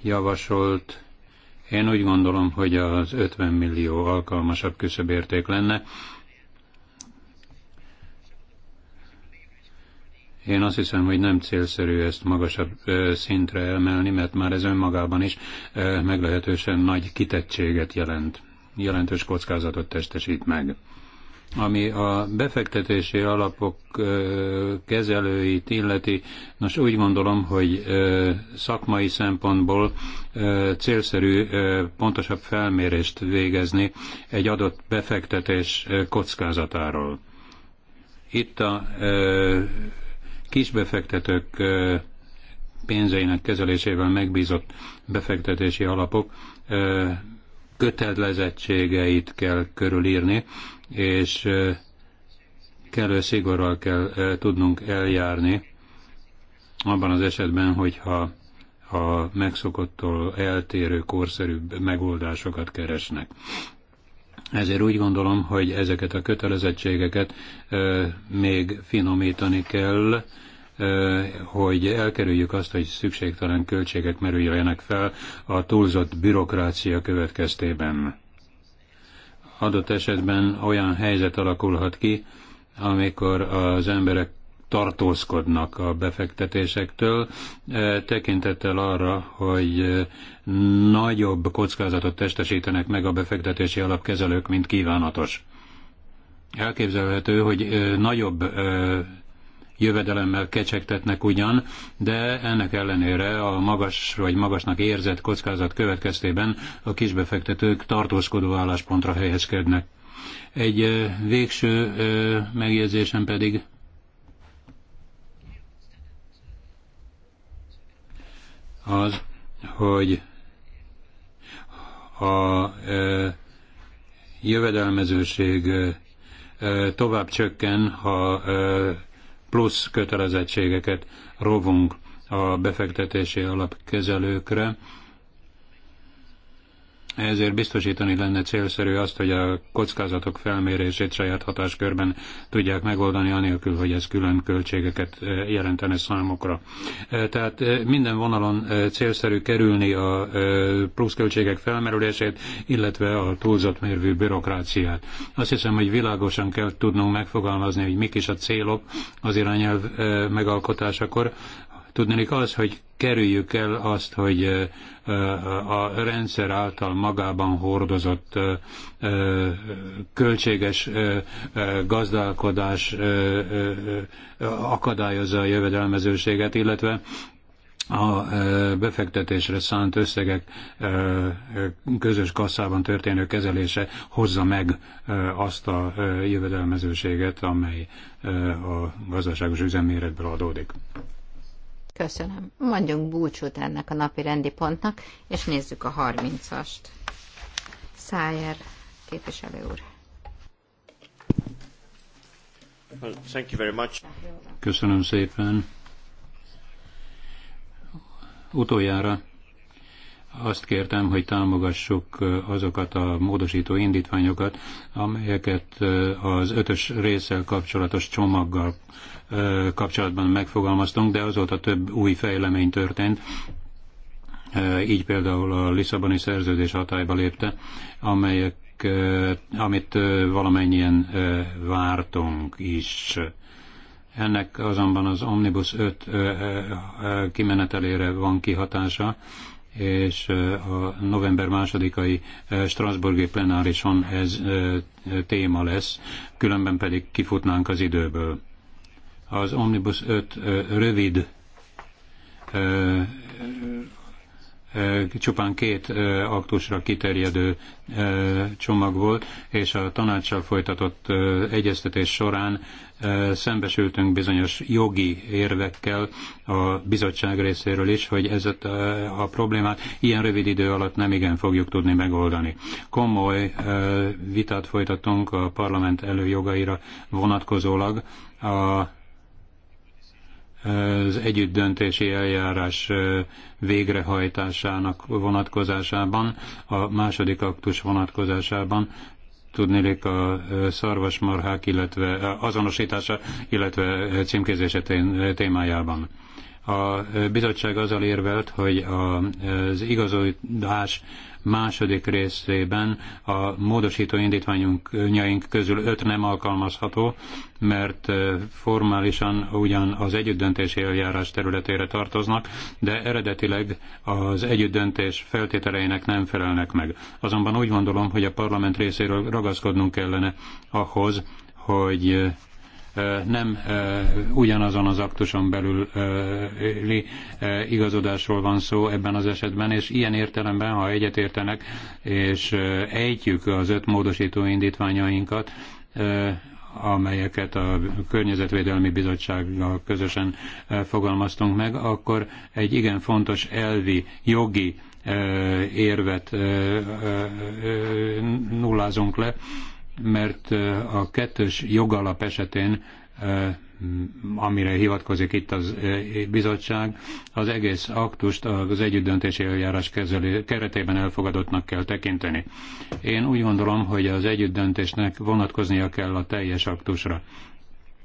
javasolt. Én úgy gondolom, hogy az 50 millió alkalmasabb küszöbérték lenne Én azt hiszem, hogy nem célszerű ezt magasabb szintre emelni, mert már ez önmagában is meglehetősen nagy kitettséget jelent. Jelentős kockázatot testesít meg. Ami a befektetési alapok kezelőit illeti, nos úgy gondolom, hogy szakmai szempontból célszerű pontosabb felmérést végezni egy adott befektetés kockázatáról itt a kisbefektetők pénzeinek kezelésével megbízott befektetési alapok kötelezettségeit kell körülírni, és kellő szigorral kell tudnunk eljárni abban az esetben, hogyha a megszokottól eltérő korszerűbb megoldásokat keresnek. Ezért úgy gondolom, hogy ezeket a kötelezettségeket még finomítani kell, hogy elkerüljük azt, hogy szükségtelen költségek merüljenek fel a túlzott bürokrácia következtében. Adott esetben olyan helyzet alakulhat ki, amikor az emberek tartózkodnak a befektetésektől, e, tekintettel arra, hogy e, nagyobb kockázatot testesítenek meg a befektetési alapkezelők, mint kívánatos. Elképzelhető, hogy e, nagyobb jövedelemmel kecsegtetnek ugyan, de ennek ellenére a magas vagy magasnak érzett kockázat következtében a kisbefektetők tartózkodó álláspontra helyezkednek. Egy végső megjegyzésem pedig az, hogy a jövedelmezőség tovább csökken, ha plusz kötelezettségeket rovunk a befektetési alapkezelőkre, ezért biztosítani lenne célszerű azt, hogy a kockázatok felmérését saját hatáskörben tudják megoldani, anélkül, hogy ez külön költségeket eh, jelentene számokra. Eh, tehát eh, minden vonalon célszerű kerülni a pluszköltségek felmerülését, illetve a túlzott mérvű bürokráciát. Azt hiszem, hogy világosan kell tudnunk megfogalmazni, hogy mik is a célok az irányelv megalkotásakor, Tudnék az, hogy kerüljük el azt, hogy a rendszer által magában hordozott költséges gazdálkodás akadályozza a jövedelmezőséget, illetve a befektetésre szánt összegek közös kasszában történő kezelése hozza meg azt a jövedelmezőséget, amely a gazdaságos üzeméretből adódik. Köszönöm. Mondjunk búcsút ennek a napi rendi pontnak, és nézzük a 30-ast. Szájer képviselő úr. thank you very much. Köszönöm szépen. Utoljára azt kértem, hogy támogassuk azokat a módosító indítványokat, amelyeket az ötös részsel kapcsolatos csomaggal kapcsolatban megfogalmaztunk, de azóta több új fejlemény történt, így például a Lisszaboni szerződés hatályba lépte, amelyek, amit valamennyien vártunk is. Ennek azonban az Omnibus 5 kimenetelére van kihatása, és a november másodikai Strasburgi plenárison ez téma lesz, különben pedig kifutnánk az időből. Az Omnibus 5 rövid csupán két aktusra kiterjedő csomag volt, és a tanácssal folytatott egyeztetés során szembesültünk bizonyos jogi érvekkel a bizottság részéről is, hogy ez a problémát ilyen rövid idő alatt nem igen fogjuk tudni megoldani. Komoly vitát folytatunk a parlament előjogaira vonatkozólag a az együttdöntési eljárás végrehajtásának vonatkozásában, a második aktus vonatkozásában, tudnélik a szarvasmarhák, illetve azonosítása, illetve címkézése témájában. A bizottság azzal érvelt, hogy az igazolás második részében a módosító indítványunk közül öt nem alkalmazható, mert formálisan ugyan az együttdöntési eljárás területére tartoznak, de eredetileg az együttdöntés feltételeinek nem felelnek meg. Azonban úgy gondolom, hogy a parlament részéről ragaszkodnunk kellene ahhoz, hogy nem ugyanazon az aktuson belüli igazodásról van szó ebben az esetben, és ilyen értelemben, ha egyetértenek, és ejtjük az öt módosító indítványainkat, amelyeket a Környezetvédelmi Bizottsággal közösen fogalmaztunk meg, akkor egy igen fontos elvi, jogi érvet nullázunk le, mert a kettős jogalap esetén amire hivatkozik itt az bizottság, az egész aktust az együttdöntési eljárás kezelő, keretében elfogadottnak kell tekinteni. Én úgy gondolom, hogy az együttdöntésnek vonatkoznia kell a teljes aktusra.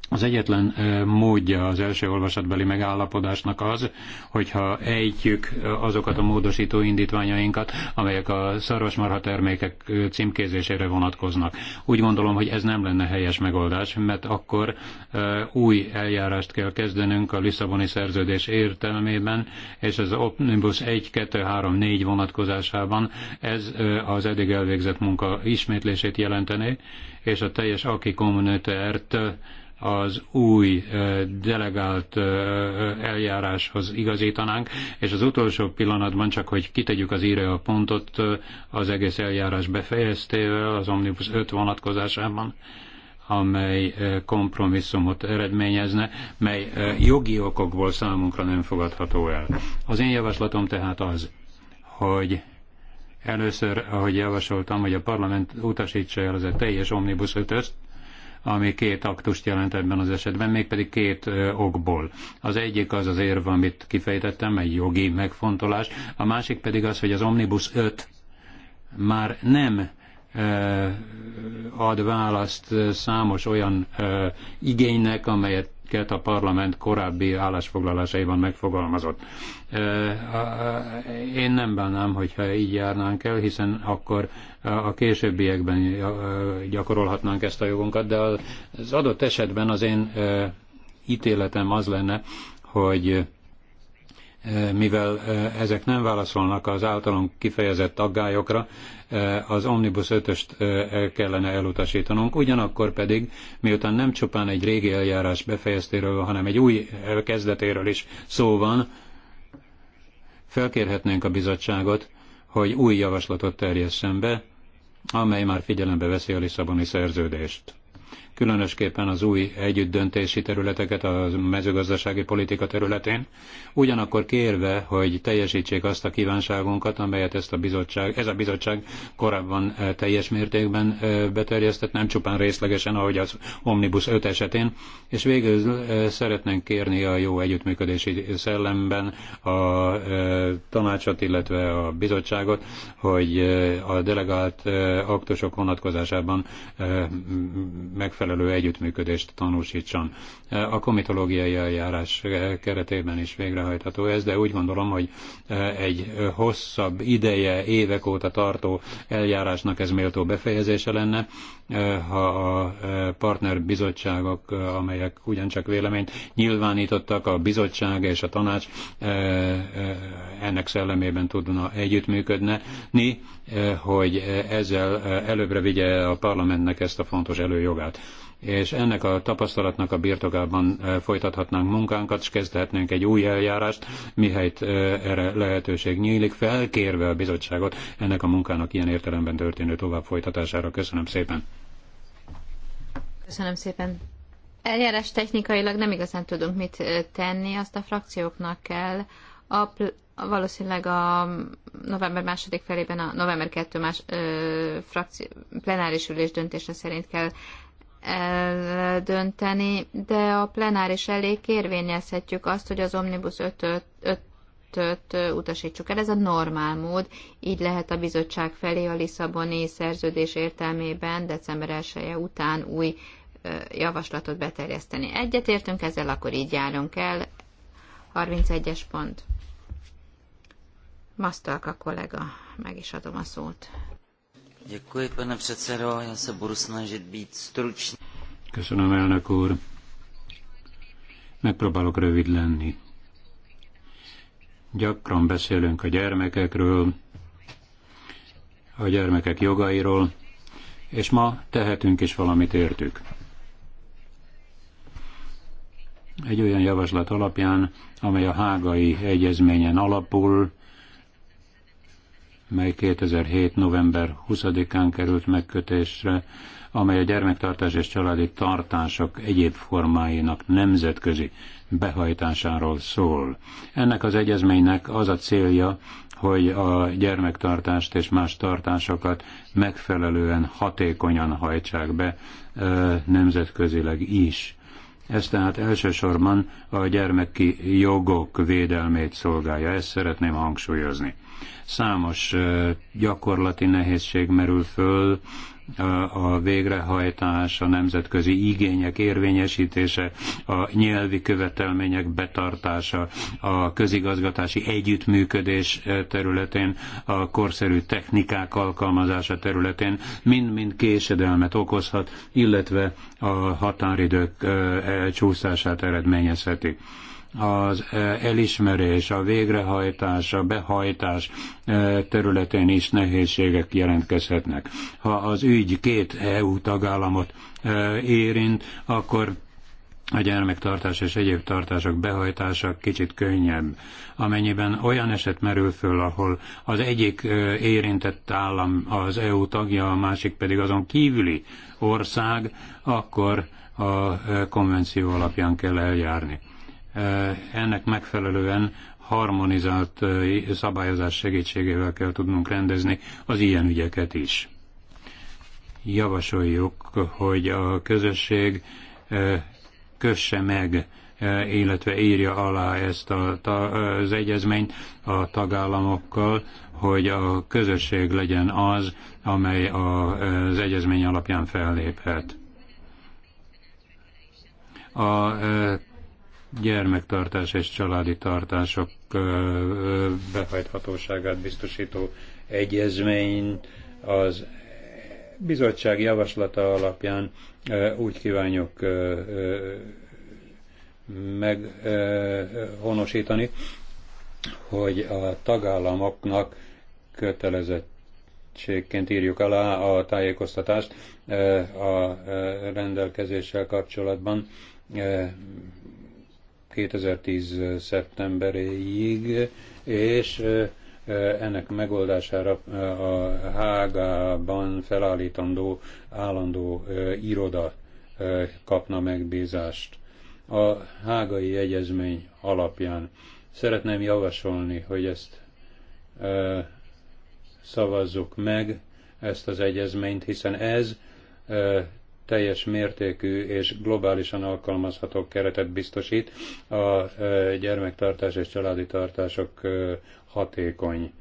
Az egyetlen módja az első olvasatbeli megállapodásnak az, hogyha ejtjük azokat a módosító indítványainkat, amelyek a szarvasmarha termékek címkézésére vonatkoznak. Úgy gondolom, hogy ez nem lenne helyes megoldás, mert akkor új eljárást kell kezdenünk a Lisszaboni szerződés értelmében, és az Omnibus 1, 2, 3, 4 vonatkozásában ez az eddig elvégzett munka ismétlését jelentené, és a teljes aki kommunitárt az új delegált eljáráshoz igazítanánk, és az utolsó pillanatban csak, hogy kitegyük az íre a pontot az egész eljárás befejeztével az Omnibus 5 vonatkozásában, amely kompromisszumot eredményezne, mely jogi okokból számunkra nem fogadható el. Az én javaslatom tehát az, hogy először, ahogy javasoltam, hogy a parlament utasítsa el az a teljes omnibus 5 ami két aktust jelent ebben az esetben, mégpedig két okból. Az egyik az az érv, amit kifejtettem, egy jogi megfontolás, a másik pedig az, hogy az Omnibus 5 már nem ad választ számos olyan igénynek, amelyet amiket a parlament korábbi állásfoglalásaiban megfogalmazott. Én nem bánnám, hogyha így járnánk el, hiszen akkor a későbbiekben gyakorolhatnánk ezt a jogunkat, de az adott esetben az én ítéletem az lenne, hogy mivel ezek nem válaszolnak az általunk kifejezett aggályokra, Eh, az Omnibus 5-öst eh, kellene elutasítanunk, ugyanakkor pedig, miután nem csupán egy régi eljárás befejeztéről, hanem egy új kezdetéről is szó van, felkérhetnénk a bizottságot, hogy új javaslatot terjesszen be, amely már figyelembe veszi a Lisszaboni szerződést különösképpen az új együttdöntési területeket a mezőgazdasági politika területén, ugyanakkor kérve, hogy teljesítsék azt a kívánságunkat, amelyet ezt a bizottság, ez a bizottság korábban eh, teljes mértékben eh, beterjesztett, nem csupán részlegesen, ahogy az Omnibus 5 esetén, és végül eh, szeretnénk kérni a jó együttműködési szellemben a tanácsot, illetve a bizottságot, hogy a delegált aktusok vonatkozásában megfelelően megfelelő együttműködést tanúsítson. E, a komitológiai eljárás e, keretében is végrehajtható ez, de úgy gondolom, hogy e, egy hosszabb ideje, évek óta tartó eljárásnak ez méltó befejezése lenne, ha a partner bizottságok, amelyek ugyancsak véleményt nyilvánítottak, a bizottság és a tanács ennek szellemében tudna együttműködni, hogy ezzel előbbre vigye a parlamentnek ezt a fontos előjogát és ennek a tapasztalatnak a birtokában eh, folytathatnánk munkánkat, és kezdhetnénk egy új eljárást, mihelyt eh, erre lehetőség nyílik, felkérve a bizottságot ennek a munkának ilyen értelemben történő tovább folytatására. Köszönöm szépen. Köszönöm szépen. Eljárás technikailag nem igazán tudunk mit eh, tenni, azt a frakcióknak kell a valószínűleg a november második felében, a november 2 más, ö, frakció, plenáris ülés döntése szerint kell eldönteni, de a plenáris elé kérvényezhetjük azt, hogy az Omnibus 5-öt utasítsuk el. Ez a normál mód, így lehet a bizottság felé a Lisszaboni szerződés értelmében december 1 -e után új javaslatot beterjeszteni. Egyetértünk ezzel, akkor így járunk el. 31-es pont. Masztalka kollega, meg is adom a szót. Děkuji, pane předsedo. Já se budu snažit být stručný. Köszönöm, elnök úr. Megpróbálok rövid lenni. Gyakran beszélünk a gyermekekről, a gyermekek jogairól, és ma tehetünk is valamit értük. Egy olyan javaslat alapján, amely a hágai egyezményen alapul, mely 2007. november 20-án került megkötésre, amely a gyermektartás és családi tartások egyéb formáinak nemzetközi behajtásáról szól. Ennek az egyezménynek az a célja, hogy a gyermektartást és más tartásokat megfelelően hatékonyan hajtsák be nemzetközileg is. Ez tehát elsősorban a gyermeki jogok védelmét szolgálja, ezt szeretném hangsúlyozni. Számos gyakorlati nehézség merül föl a végrehajtás, a nemzetközi igények érvényesítése, a nyelvi követelmények betartása, a közigazgatási együttműködés területén, a korszerű technikák alkalmazása területén mind-mind késedelmet okozhat, illetve a határidők csúszását eredményezheti az eh, elismerés, a végrehajtás, a behajtás eh, területén is nehézségek jelentkezhetnek. Ha az ügy két EU tagállamot eh, érint, akkor a gyermektartás és egyéb tartások behajtása kicsit könnyebb. Amennyiben olyan eset merül föl, ahol az egyik érintett állam az EU tagja, a másik pedig azon kívüli ország, akkor a konvenció alapján kell eljárni. Eh, ennek megfelelően harmonizált eh, szabályozás segítségével kell tudnunk rendezni az ilyen ügyeket is. Javasoljuk, hogy a közösség eh, kösse meg, illetve írja alá ezt a, az egyezményt a tagállamokkal, hogy a közösség legyen az, amely az egyezmény alapján felléphet. A gyermektartás és családi tartások behajthatóságát biztosító egyezmény az bizottság javaslata alapján úgy kívánjuk meghonosítani, hogy a tagállamoknak kötelezettségként írjuk alá a tájékoztatást a rendelkezéssel kapcsolatban 2010. szeptemberéig, és ennek megoldására a Hágában felállítandó állandó iroda kapna megbízást. A hágai egyezmény alapján szeretném javasolni, hogy ezt szavazzuk meg, ezt az egyezményt, hiszen ez teljes mértékű és globálisan alkalmazható keretet biztosít a gyermektartás és családi tartások hatékony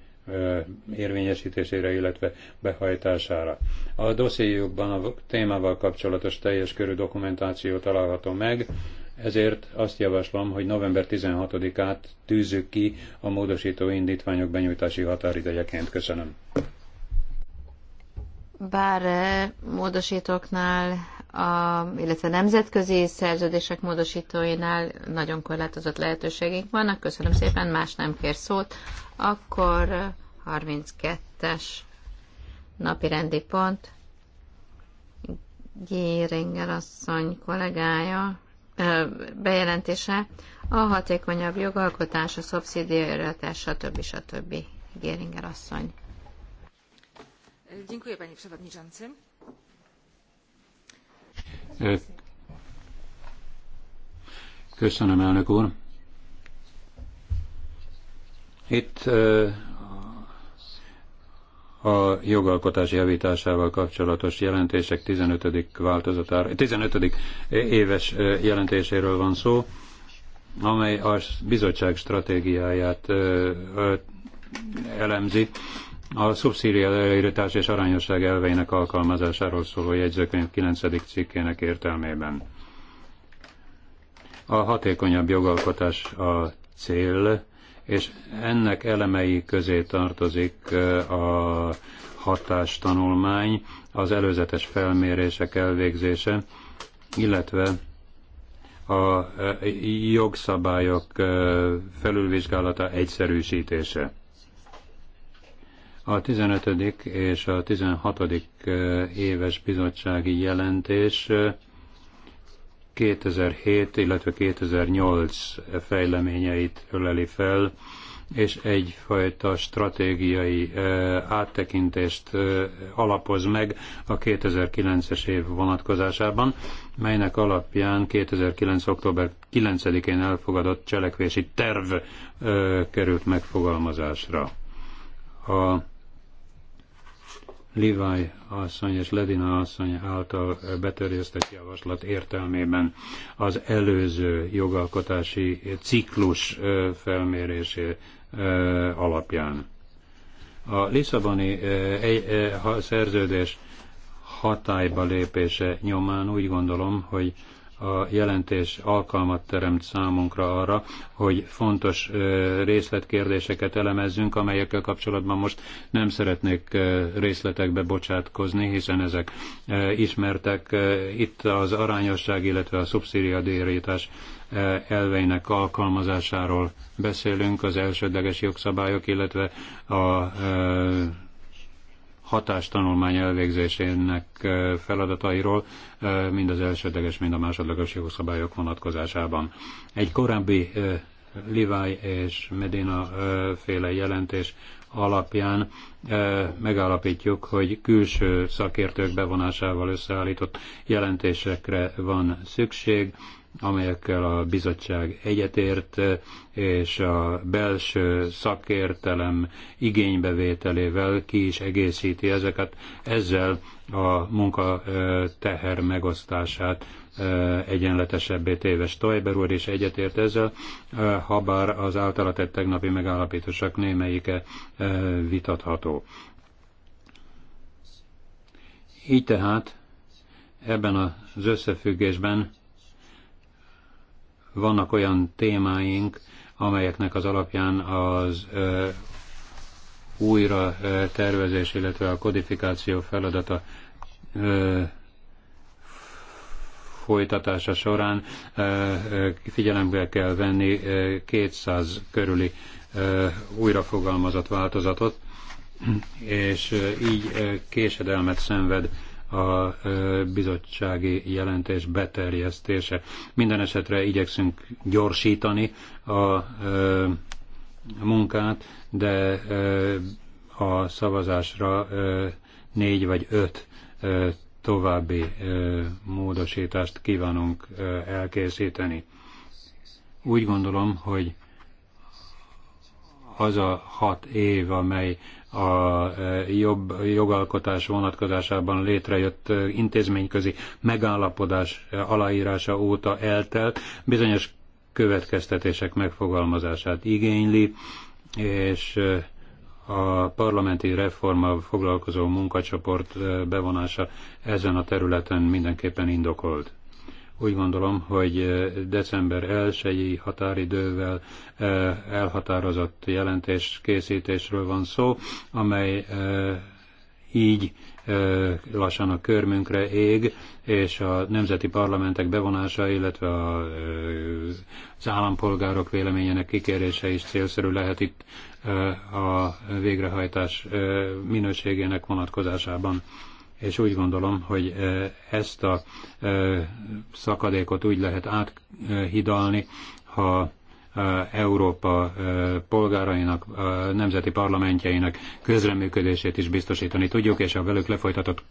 érvényesítésére, illetve behajtására. A dossziéjukban a témával kapcsolatos teljes körű dokumentáció található meg, ezért azt javaslom, hogy november 16-át tűzzük ki a módosító indítványok benyújtási határidejeként. Köszönöm. Bár módosítóknál, a, illetve nemzetközi szerződések módosítóinál nagyon korlátozott lehetőségünk vannak. Köszönöm szépen, más nem kér szót. Akkor 32-es napi rendi pont. géringer asszony kollégája bejelentése, a hatékonyabb jogalkotás, a szubszidiaritás, stb. stb. Géringer asszony. Dziękuję, panie przewodniczący. E, köszönöm, elnök úr. Itt e, a jogalkotás javításával kapcsolatos jelentések 15. változatára, 15. éves e, jelentéséről van szó, amely a bizottság stratégiáját elemzi a szubszíria leírítás és arányosság elveinek alkalmazásáról szóló jegyzőkönyv 9. cikkének értelmében. A hatékonyabb jogalkotás a cél, és ennek elemei közé tartozik a hatástanulmány, az előzetes felmérések elvégzése, illetve a jogszabályok felülvizsgálata egyszerűsítése. A 15. és a 16. éves bizottsági jelentés 2007, illetve 2008 fejleményeit öleli fel, és egyfajta stratégiai áttekintést alapoz meg a 2009-es év vonatkozásában, melynek alapján 2009. október 9-én elfogadott cselekvési terv került megfogalmazásra. A Levi asszony és Ledina asszony által beterjesztett javaslat értelmében az előző jogalkotási ciklus felmérésé alapján. A Lisszaboni szerződés hatályba lépése nyomán úgy gondolom, hogy a jelentés alkalmat teremt számunkra arra, hogy fontos részletkérdéseket elemezzünk, amelyekkel kapcsolatban most nem szeretnék részletekbe bocsátkozni, hiszen ezek ismertek. Itt az arányosság, illetve a szubszíriadérítás elveinek alkalmazásáról beszélünk, az elsődleges jogszabályok, illetve a hatástanulmány elvégzésének feladatairól, mind az elsődleges, mind a másodleges jogszabályok vonatkozásában. Egy korábbi Levi és Medina féle jelentés alapján megállapítjuk, hogy külső szakértők bevonásával összeállított jelentésekre van szükség, amelyekkel a bizottság egyetért, és a belső szakértelem igénybevételével ki is egészíti ezeket, ezzel a munka teher megosztását egyenletesebbé téves Stoiber úr is egyetért ezzel, ha bár az általa tett tegnapi megállapítások némelyike vitatható. Így tehát ebben az összefüggésben vannak olyan témáink, amelyeknek az alapján az újra tervezés, illetve a kodifikáció feladata folytatása során figyelembe kell venni 200 körüli újrafogalmazott változatot, és így késedelmet szenved a bizottsági jelentés beterjesztése. Minden esetre igyekszünk gyorsítani a munkát, de a szavazásra négy vagy öt további módosítást kívánunk elkészíteni. Úgy gondolom, hogy az a hat év, amely a e, jobb jogalkotás vonatkozásában létrejött e, intézményközi megállapodás e, aláírása óta eltelt, bizonyos következtetések megfogalmazását igényli, és a parlamenti reforma foglalkozó munkacsoport bevonása ezen a területen mindenképpen indokolt. Úgy gondolom, hogy december 1-i határidővel elhatározott jelentés készítésről van szó, amely így lassan a körmünkre ég, és a nemzeti parlamentek bevonása, illetve az állampolgárok véleményének kikérése is célszerű lehet itt a végrehajtás minőségének vonatkozásában és úgy gondolom, hogy ezt a szakadékot úgy lehet áthidalni, ha Európa polgárainak, nemzeti parlamentjeinek közreműködését is biztosítani tudjuk, és a velük lefolytatott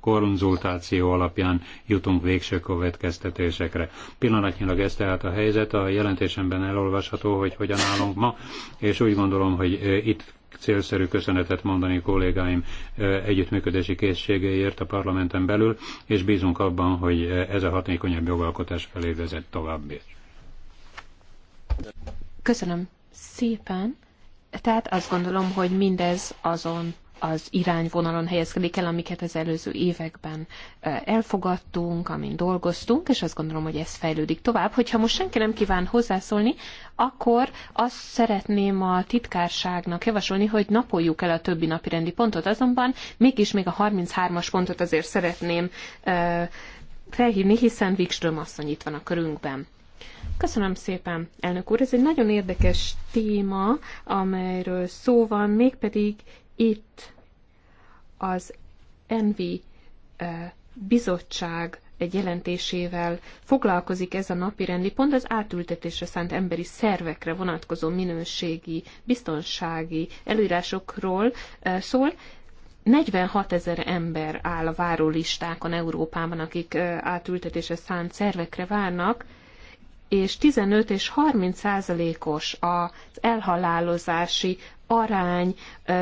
konzultáció alapján jutunk végső következtetésekre. Pillanatnyilag ez tehát a helyzet, a jelentésemben elolvasható, hogy hogyan állunk ma, és úgy gondolom, hogy itt célszerű köszönetet mondani kollégáim együttműködési készségeiért a parlamenten belül, és bízunk abban, hogy ez a hatékonyabb jogalkotás felé vezet tovább. Köszönöm szépen. Tehát azt gondolom, hogy mindez azon az irányvonalon helyezkedik el, amiket az előző években elfogadtunk, amin dolgoztunk, és azt gondolom, hogy ez fejlődik tovább. Hogyha most senki nem kíván hozzászólni, akkor azt szeretném a titkárságnak javasolni, hogy napoljuk el a többi napi rendi pontot, azonban mégis még a 33-as pontot azért szeretném felhívni, hiszen Wikström asszony itt van a körünkben. Köszönöm szépen, elnök úr. Ez egy nagyon érdekes téma, amelyről szó van, mégpedig itt az Envi bizottság egy jelentésével foglalkozik ez a napirendi pont az átültetésre szánt emberi szervekre vonatkozó minőségi, biztonsági előírásokról szól. 46 ezer ember áll a várólistákon Európában, akik átültetésre szánt szervekre várnak, és 15 és 30 százalékos az elhalálozási arány,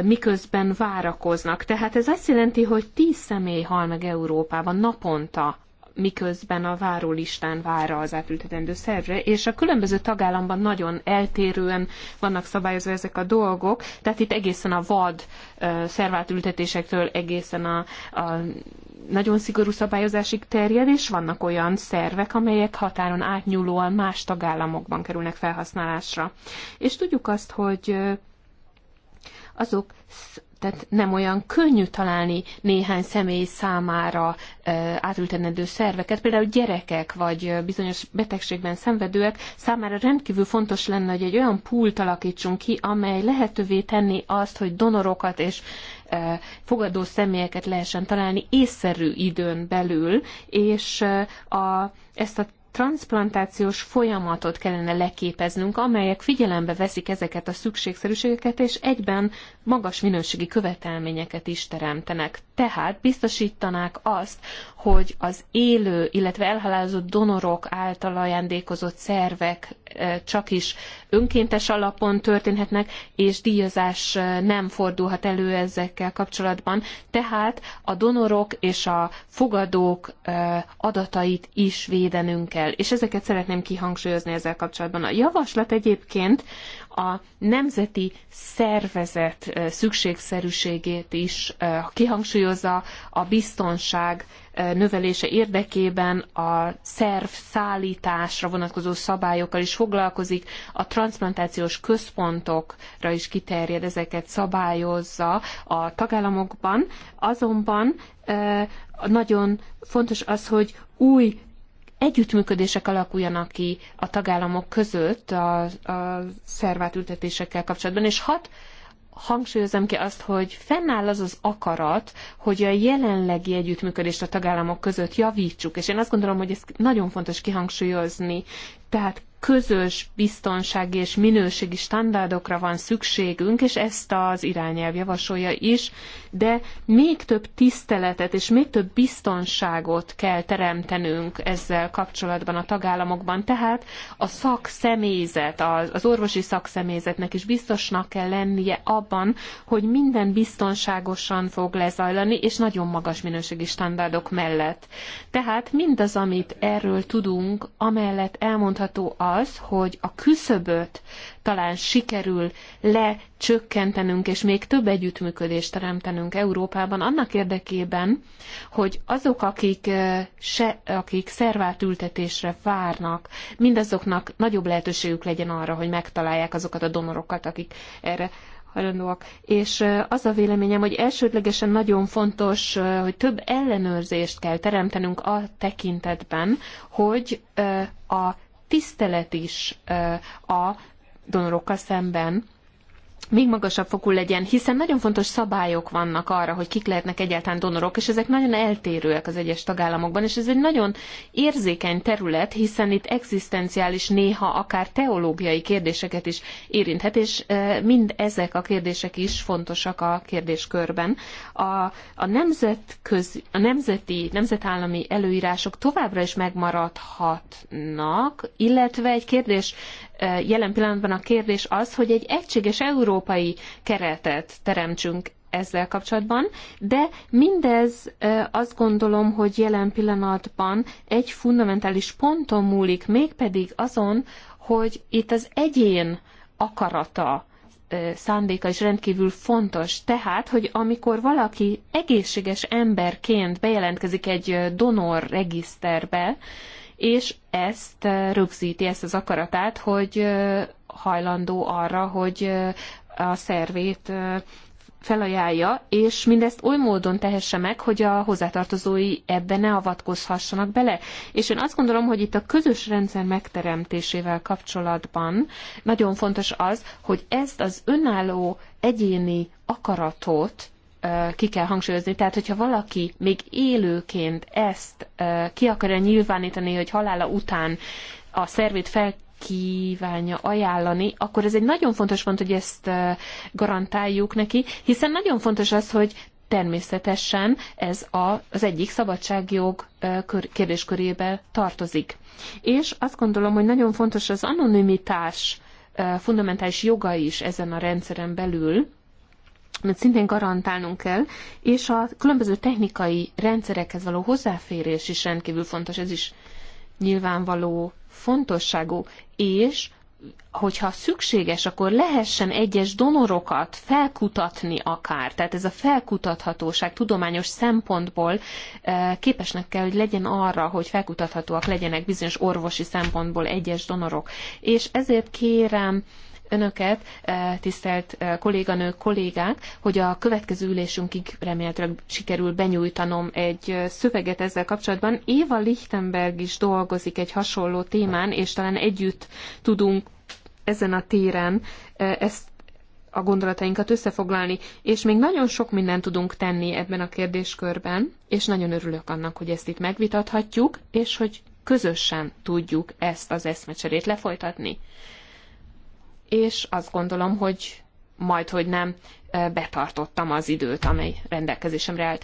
miközben várakoznak. Tehát ez azt jelenti, hogy 10 személy hal meg Európában naponta miközben a várólistán vár az átültetendő szervre, és a különböző tagállamban nagyon eltérően vannak szabályozva ezek a dolgok, tehát itt egészen a vad szervátültetésektől egészen a, a nagyon szigorú szabályozásig terjed, és vannak olyan szervek, amelyek határon átnyúlóan más tagállamokban kerülnek felhasználásra. És tudjuk azt, hogy azok tehát nem olyan könnyű találni néhány személy számára átültenedő szerveket. Például gyerekek vagy bizonyos betegségben szenvedőek számára rendkívül fontos lenne, hogy egy olyan pult alakítsunk ki, amely lehetővé tenni azt, hogy donorokat és fogadó személyeket lehessen találni észszerű időn belül, és a, ezt a transplantációs folyamatot kellene leképeznünk, amelyek figyelembe veszik ezeket a szükségszerűségeket, és egyben magas minőségi követelményeket is teremtenek. Tehát biztosítanák azt, hogy az élő, illetve elhalálozott donorok által ajándékozott szervek eh, csak is önkéntes alapon történhetnek, és díjazás eh, nem fordulhat elő ezekkel kapcsolatban. Tehát a donorok és a fogadók eh, adatait is védenünk kell kell, és ezeket szeretném kihangsúlyozni ezzel kapcsolatban. A javaslat egyébként a nemzeti szervezet szükségszerűségét is kihangsúlyozza a biztonság növelése érdekében a szerv szállításra vonatkozó szabályokkal is foglalkozik, a transplantációs központokra is kiterjed, ezeket szabályozza a tagállamokban, azonban nagyon fontos az, hogy új együttműködések alakuljanak ki a tagállamok között a, a szervátültetésekkel kapcsolatban, és hat hangsúlyozom ki azt, hogy fennáll az az akarat, hogy a jelenlegi együttműködést a tagállamok között javítsuk, és én azt gondolom, hogy ez nagyon fontos kihangsúlyozni. Tehát közös biztonsági és minőségi standardokra van szükségünk, és ezt az irányelv javasolja is, de még több tiszteletet és még több biztonságot kell teremtenünk ezzel kapcsolatban a tagállamokban. Tehát a szakszemélyzet, az orvosi szakszemélyzetnek is biztosnak kell lennie abban, hogy minden biztonságosan fog lezajlani, és nagyon magas minőségi standardok mellett. Tehát mindaz, amit erről tudunk, amellett elmondható a az, hogy a küszöböt talán sikerül lecsökkentenünk, és még több együttműködést teremtenünk Európában annak érdekében, hogy azok, akik, se, akik szervált ültetésre várnak, mindazoknak nagyobb lehetőségük legyen arra, hogy megtalálják azokat a donorokat, akik erre hajlandóak. És az a véleményem, hogy elsődlegesen nagyon fontos, hogy több ellenőrzést kell teremtenünk a tekintetben, hogy a tisztelet is a donorokkal szemben még magasabb fokú legyen, hiszen nagyon fontos szabályok vannak arra, hogy kik lehetnek egyáltalán donorok, és ezek nagyon eltérőek az egyes tagállamokban, és ez egy nagyon érzékeny terület, hiszen itt egzisztenciális, néha akár teológiai kérdéseket is érinthet, és mind ezek a kérdések is fontosak a kérdéskörben. A, a, nemzetközi, a nemzeti, nemzetállami előírások továbbra is megmaradhatnak, illetve egy kérdés jelen pillanatban a kérdés az, hogy egy egységes európai keretet teremtsünk ezzel kapcsolatban, de mindez azt gondolom, hogy jelen pillanatban egy fundamentális ponton múlik, mégpedig azon, hogy itt az egyén akarata, szándéka is rendkívül fontos. Tehát, hogy amikor valaki egészséges emberként bejelentkezik egy donor regiszterbe, és ezt rögzíti, ezt az akaratát, hogy hajlandó arra, hogy a szervét felajánlja, és mindezt oly módon tehesse meg, hogy a hozzátartozói ebbe ne avatkozhassanak bele. És én azt gondolom, hogy itt a közös rendszer megteremtésével kapcsolatban nagyon fontos az, hogy ezt az önálló egyéni akaratot ki kell hangsúlyozni. Tehát, hogyha valaki még élőként ezt ki akarja nyilvánítani, hogy halála után a szervét fel kívánja ajánlani, akkor ez egy nagyon fontos pont, hogy ezt garantáljuk neki, hiszen nagyon fontos az, hogy természetesen ez a, az egyik szabadságjog kérdéskörébe tartozik. És azt gondolom, hogy nagyon fontos az anonimitás fundamentális joga is ezen a rendszeren belül, amit szintén garantálnunk kell, és a különböző technikai rendszerekhez való hozzáférés is rendkívül fontos, ez is nyilvánvaló fontosságú, és hogyha szükséges, akkor lehessen egyes donorokat felkutatni akár. Tehát ez a felkutathatóság tudományos szempontból eh, képesnek kell, hogy legyen arra, hogy felkutathatóak legyenek bizonyos orvosi szempontból egyes donorok. És ezért kérem, önöket, eh, tisztelt eh, kolléganők, kollégák, hogy a következő ülésünkig remélhetőleg sikerül benyújtanom egy eh, szöveget ezzel kapcsolatban. Éva Lichtenberg is dolgozik egy hasonló témán, és talán együtt tudunk ezen a téren ezt a gondolatainkat összefoglalni, és még nagyon sok mindent tudunk tenni ebben a kérdéskörben, és nagyon örülök annak, hogy ezt itt megvitathatjuk, és hogy közösen tudjuk ezt az eszmecserét lefolytatni és azt gondolom, hogy majd, hogy nem betartottam az időt, amely rendelkezésemre állt.